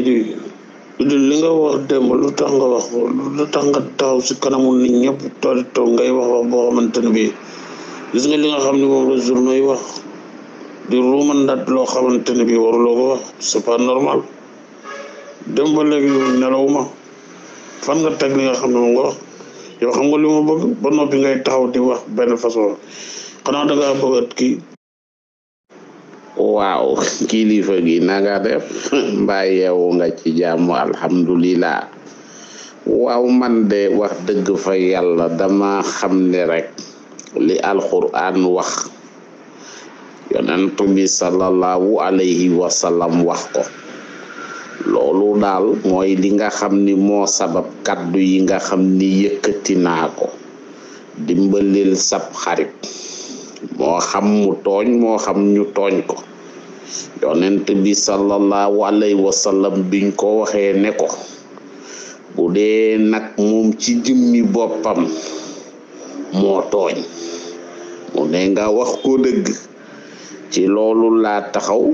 idi idi li nga wax dem lu tax nga wax ko lu tax nga taxaw ci kanamu nit ñëpp toog toog ngay wax wax boo xamante ne gis nga li nga xam ne moom la journée wax di ruuma ndat loo xamante bi bii waruloo ko wax c'est pas normal dem ba léegi nelawuma fan nga teg li nga xam ne moom nga wax yow xam nga li ma bëgg ba noppi ngay taxaw di wax benn façon xanaa da ngaa bëgg kii Wow, kili fagi naga def mbaye wo nga ci jamu alhamdulillah Wow, man de wax deug fa yalla dama xamne rek li alquran wax yonent bi sallallahu alayhi wasallam wax ko loolu dal moy li nga xamni mo sabab kaddu yi nga xamni yekati nako. dimbalil sab xarit moo xam mu tooñ moo xam ñu tooñ ko yonent bi sallallahu alayhi wa biñ ko waxee ne ko bu dee nag moom ci jëmmi boppam moo tooñ mu ne nga wax ko dëgg ci loolu laa taxaw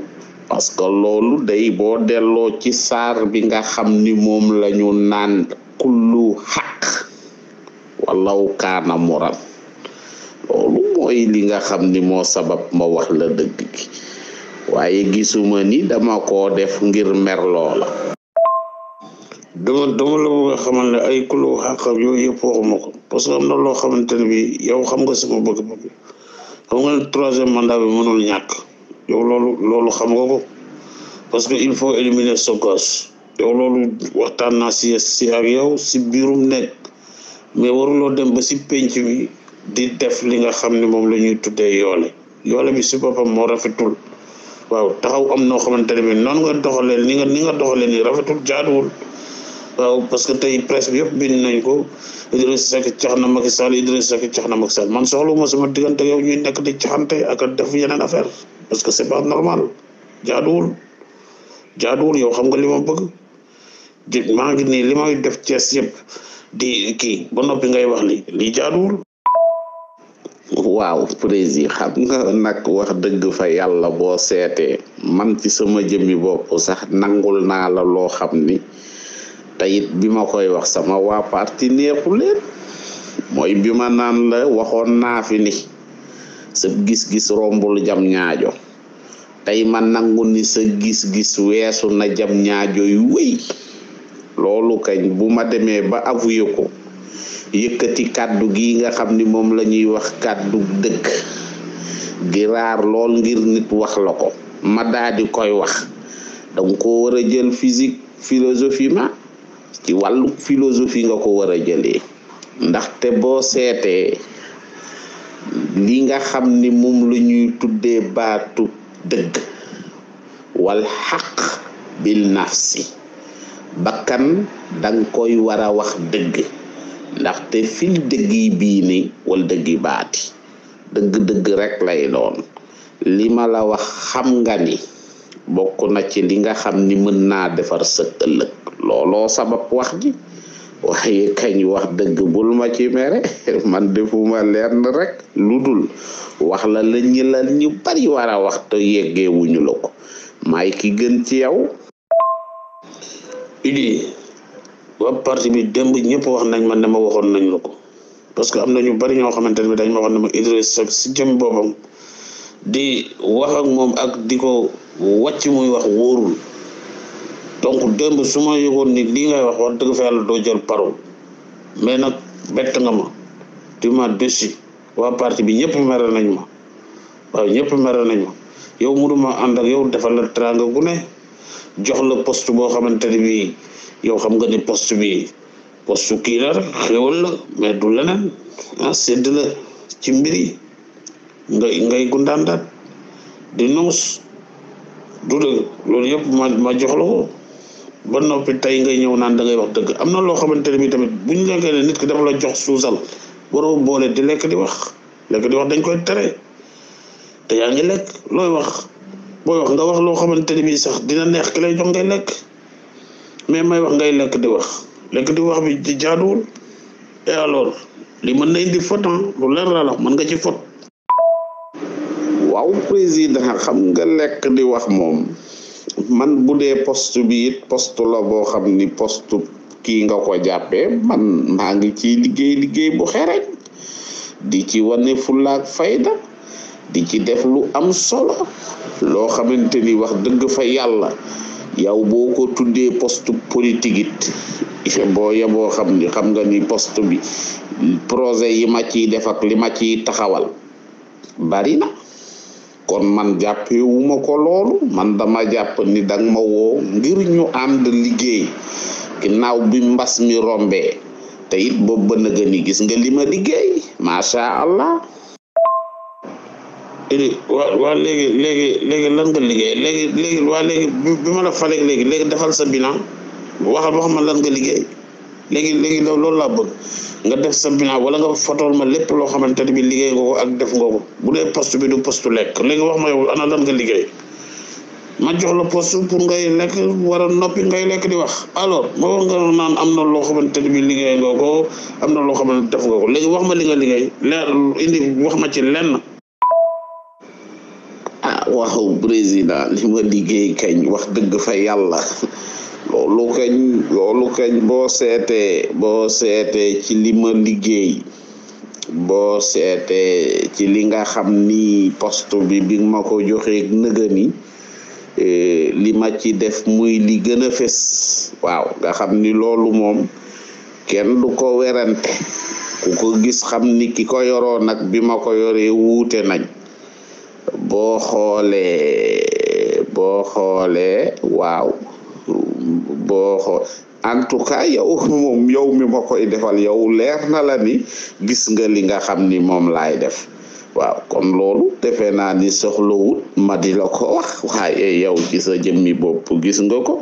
parce loolu day boo delloo ci saar bi nga xam ni moom lañu naan kullu xaq walaw kaana moral loolu moy li nga xamni mo sabab ma wax la deug gi waye gisuma ni dama ko def ngir mer lola dama dama la nga xamal ne ay kulu xàqam yooyu yep waxuma parce que am lo loo bi yow xam nga sama bëgg-bëgg xam nga ne troisième mandat bi mënul ñak yow lolu lolu xam nga ko parce que il faut éliminer sa gosse yow lolu waxtaan naa ci si ak yow ci birum nek mais waru lo dem ba ci penc bi di def li nga xam ne moom la ñuy tuddee yoole yoole bi si boppam moo rafetul waaw taxaw am noo xamante ne bi noonu nga doxalee ni nga ni nga doxalee nii rafetul jaaduwul waaw parce que tey presse bi yëpp bind nañ ko idrissa Seck cax na Macky Sall idrissa Seck cax na Macky Sall man soxluma sama diggante yow ñuy nekk di caxante ak a def yeneen affaire parce que c' est pas normal jaaduwul jaaduwul yow xam nga li ma bëgg di maa ngi nii li may def Thiès yëpp di kii ba noppi ngay wax li lii jaaduwul waaw prési xam nga nag wax dëgg fa yàlla boo seetee man ci sama jëmmi bopp sax nangul naa la loo xam ni te it bi ma koy wax sama waa parti neexu leen mooy bi ma naan la waxoon naa fi ni sa gis-gis rombul jam ñaajo tey ma nangu ni sa gis-gis weesu na jam ñaajo yu loolu kañ bu ma demee ba avoué ko yëkkati kàddu gi nga xam ni moom lañuy wax kàddu dëkk gi raar lool ngir nit wax la ko ma daadi koy wax danga ko war a jël physique philosophie ma ci wàllu philosophie nga ko war a jëlee ndaxte boo seetee li nga xam ni moom la ñuy tuddee baatu dëgg wal xaq bil nafsi bakkan danga koy war a wax dëgg ndaxte fil dëgg yi bii ni wala dëgg yi baati dëgg-dëgg rek lay doon li ma la wax xam nga ni bokk na ci li nga xam ni mën naa defar sa ëllëg looloo sabab wax ji waaye kañ wax dëgg bul ma ci mere man defuma lenn rek ludul wax la la ñi la ñu bari war wax te yeggee wuñu la ko maay ki gën ci yow idi waa parti bi démb ñëpp wax nañ ma ne ma waxoon nañ la ko parce que am na ñu bari ñoo xamante ne bi dañ ma wax ne ma Idriss si di wax ak moom ak di ko wàcc muy wax wóorul donc démb su ma ni lii ngay wax wax dëgg doo jël parole mais nag bett nga ma tu m'as déçu waa parti bi ñëpp mere nañ ma waaw ñëpp mere nañ ma yow mënuma ànd ak yow defal la teraanga gu ne jox la boo xamante ne yow xam nga ni poste bi poste kii la rek xéwal la mais leneen ah sédd la ci mbir yi ngay ngay daan di nuus du dëgg loolu yëpp ma ma jox la ko ba noppi tey ngay ñëw naan da wax dëgg am na loo xamante ne bi tamit bu ñu lekkee ne nit ki dafa la jox suusal waroo boole di lekk di wax lekk di wax dañ koy tere te yaa ngi lekk looy wax booy wax nga wax loo xamante ne bi sax dina neex ki lay jox ngay lekk mais may wax ngay lekk di wax lekk di wax bi di jadul et alors li mën na indi fot lu leer la la mën nga ci fot waaw président xam nga lekk di wax moom man bu dee poste bi it poste la boo xam ni poste kii nga ko jàppee man maa ngi ci liggéey liggéey bu xereñ di ci wane fulaak fayda di ci def lu am solo lo xamante ni wax dëgg fa yàlla yow boo ko tuddee poste politique it boo yeboo xam ni xam nga ni poste bi projet yi ma ciy def ak li ma ciy taxawal barina kon man jàppewuma ko loolu man dama jàpp ni dang ma woo ngir ñu ànd liggéey naaw bi mbas mi rombee te it boobu ba nëgëni gis nga li ma liggéey macha allah léegi waa waa léegi léegi léegi lan nga liggéey léegi léegi waa léegi bi ma la falee léegi léegi defal sa bilan waxal ma xam lan nga liggéey léegi léegi loolu laa bëgg nga def sa bilan wala nga fotool ma lépp loo xamante ne bi liggéey nga ak def nga ko bu dee poste bi du poste lekk léegi wax ma yow ana lan nga liggéey ma jox la poste pour ngay lekk war a noppi ngay lekk di wax alors moo wax nga naan am na loo xamante ne liggéey nga am na loo xamante def nga ko léegi wax ma li nga liggéey leer indi wax ma ci lenn. waaw président li liggéey kañ wax dëgg fa yàlla loolu kañ loolu kañ boo seetee boo seetee ci li liggéey boo seetee ci li nga xam ni poste bi bi ma ko joxeeg nëga ni e, li ma ci def muy li gën a fés waaw nga xam ni loolu moom kenn du ko werante ku ko gis xam ni ki ko yoroo nag bi ma ko yoree wuute nañ boo xoole boo xoolee waaw boo xool en tout cas yow yow mi ma koy defal yow leer na la gis nga li nga xam ni moom laay def waaw kon loolu defe naa ni soxlawut ma di la ko yow ci sa jëmmi bopp gis nga ko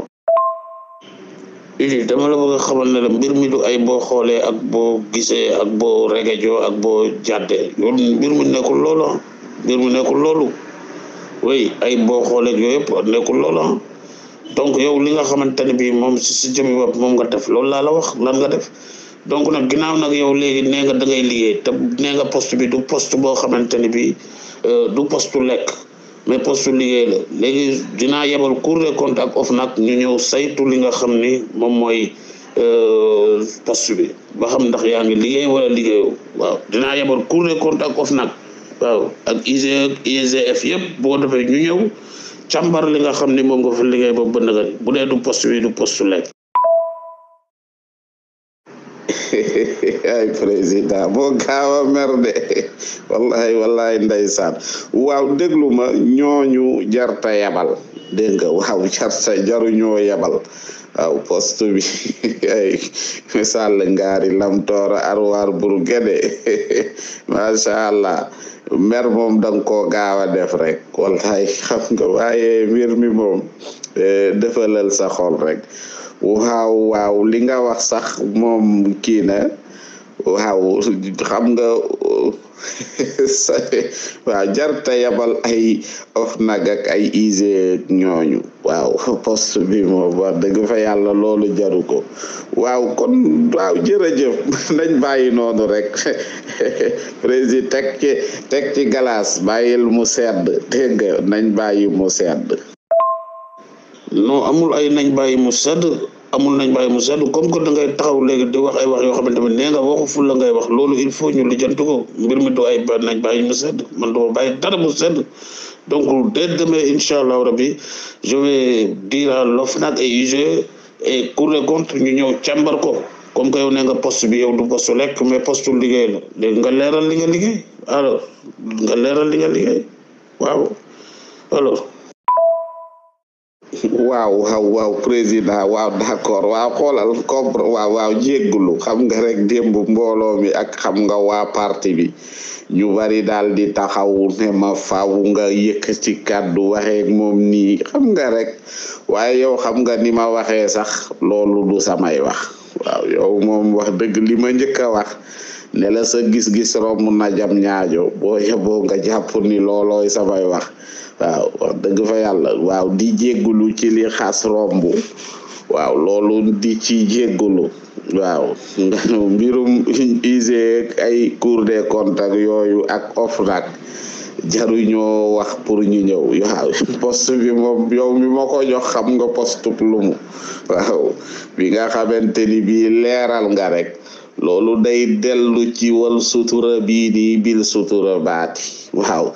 dama la bëgg a xamal ne la mbir mi ay boo xoolee ak boo gisee ak boo regajoo ak boo jàddee yoon ne mi nekkul loolu ngir mu nekkul loolu oui ay boo xoolee yooyu yëpp nekkul loolu donc yow li nga xamante ne bii moom si si jëmmi bopp moom nga def loolu laa la wax lan nga def donc nag ginnaaw nag yow léegi nee nga da ngay liggéey te nee nga poste du poste boo xamante ne bii euh, du poste lekk mais poste liggéey la léegi dinaa yebal Cour des comptes ak ñu ñëw saytu li nga xam ni moom mooy euh, poste bi ba xam ndax yaa ngi liggéey wala liggéeyoo waaw dinaa yebal Cour des comptes ak OFNAC waaw ak IGE IGF yëpp boo defee ñu ñëw càmbar li nga xam ni moom nga fa liggéey ba bënn nga bu dee du poste bi du poste lekk ay président boo gaaw a mer de wallahi wallahi ndeysaan waaw déglu ma ñooñu jarta yabal dégg nga waaw jarta jaruñoo yabal aw poste bi ay misalla ngaari lamtoora arwaar bur gede machallah mer moom danga ko gaaw a def rek wallaay xam nga waaye mbir mi moom eh, defalal sa xol rek waaw waaw li nga wax sax moom kii na waaw xam nga waaw jarta yabal ay of nag ak ay ise ñooñu waaw poste bi moom fa yàlla loolu jaru ko waaw kon waaw jërëjëf nañ bàyyi noonu rek président teg ci teg ci galaas bàyyil mu sedd dégg nañ bàyyi mu sedd non amul ay nañ bàyyi mu sedd amul nañ bàyyi mu sedd comme que da ngay taxaw léegi di wax ay wax yoo xamante ne nee nga waxu ful la ngay wax loolu il faut ñu lijjanti ko mbir mi du ay nañ bàyyi mu sedd man duma bàyyi dara mu sedd donc dès demain incha allah rabbi je vais dire à l'OFNAC et IGE et Cour contre ñu ñëw càmbar ko comme que yow ne nga poste bi yow du poste lekk mais poste liggéey la léegi nga leeral li nga liggéey alors nga leeral li nga liggéey waaw alors waaw waaw waaw président waaw d'accord waaw xoolal compre waaw waaw jéggulu xam nga rek démb mbooloo mi ak xam nga waa parti bi ñu bari daal di taxaw ne ma faaw nga ci kàddu waxee moom nii xam nga rek waaye yow xam nga ni ma waxee sax loolu du samay wax waaw yow moom wax dëgg li ma njëkk a wax ne la sa gis-gis romb na jam ñaajo boo yeboo nga jàpp ni loolooy samay wax waaw wax fa yàlla waaw di jéggulu ci li xas romb waaw loolu di ci jéggulu waaw nga mbirum use ay cour des comptes ak yooyu ak OFNAC jaruñoo wax pour ñu ñëw waaw poste bi moom yow mi ko jox xam nga post lu mu waaw bi nga xamante ni bii leeral nga rek loolu day dellu ci wal sutura bii nii bil sutura baati waaw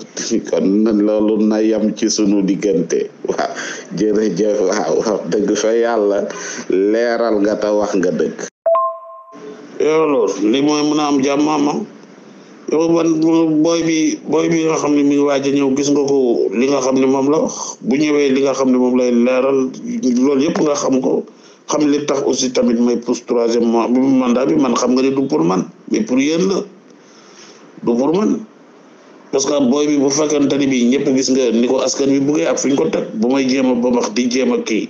loolu na yam ci sunu diggante waaw jërëjëf waaw dëgg fa yàlla leeral nga te wax nga dëgg yow mooy mën a am jàmmama yow booy bi booy bi nga xam ne mi ngi waaj a ñëw gis nga ko li nga xam ne moom la wax bu ñëwee li nga xam ne moom lay leeral loolu yëpp nga xam ko xam li tax aussi tamit may pousse troisième mois mandaa mandat man xam nga ne du pour man mais pour yéen la du pour man parce que booy bi bu fekkente ni bi ñëpp gis nga ni ko askan bi buggee ak fi ñu ko teg bu may jéem a ba max di jéem a kii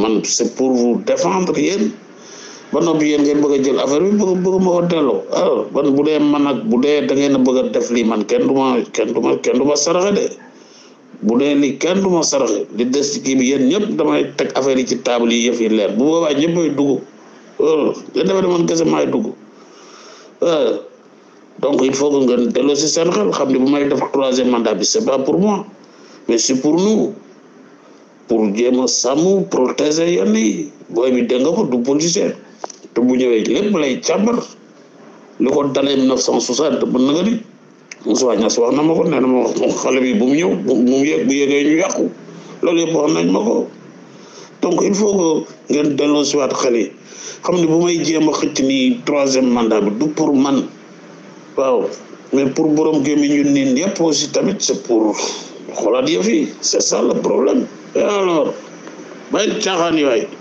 man c'est pour vous défendre yéen ba noppi yéen ngeen bëgg jël affaire bi bëgg bëgg ma ko delloo bu dee man ak bu dee da ngeen a bëgg a def lii man kenn du ma kenn du kenn du ma saraxe de bu dee ni kenn du ma saraxe li des ci kii bi yéen ñëpp damay teg affaire yi ci table yi yëf yi leer bu boobaa ñëpp may dugg la defe ne kese maay dugg euh, donc il faut que ngeen delloo si seen xel xam ne bu may def troisième mandat bi c'est pas pour moi mais c'est pour nous pour jéem a sàmm protéger yenn yi booy bi dégg nga ko du politicien te bu ñëwee lépp lay càmbar li ko dalee 1960 mën na nga Moussa Niass wax na ma ko nee na ma xale bi bu mu ñëw bu mu yëg bu yëgee ñu yàqu loolu yëpp wax nañ ma donc il faut que ngeen delloo si waat xale yi xam ne bu may jéem a xëcc nii troisième mandat bi du pour man waaw mais pour borom gémmi ñun niin yëpp aussi tamit c'est pour xoolaat yëf yi c'est ça le problème alors bàyyi caaxaan yooyu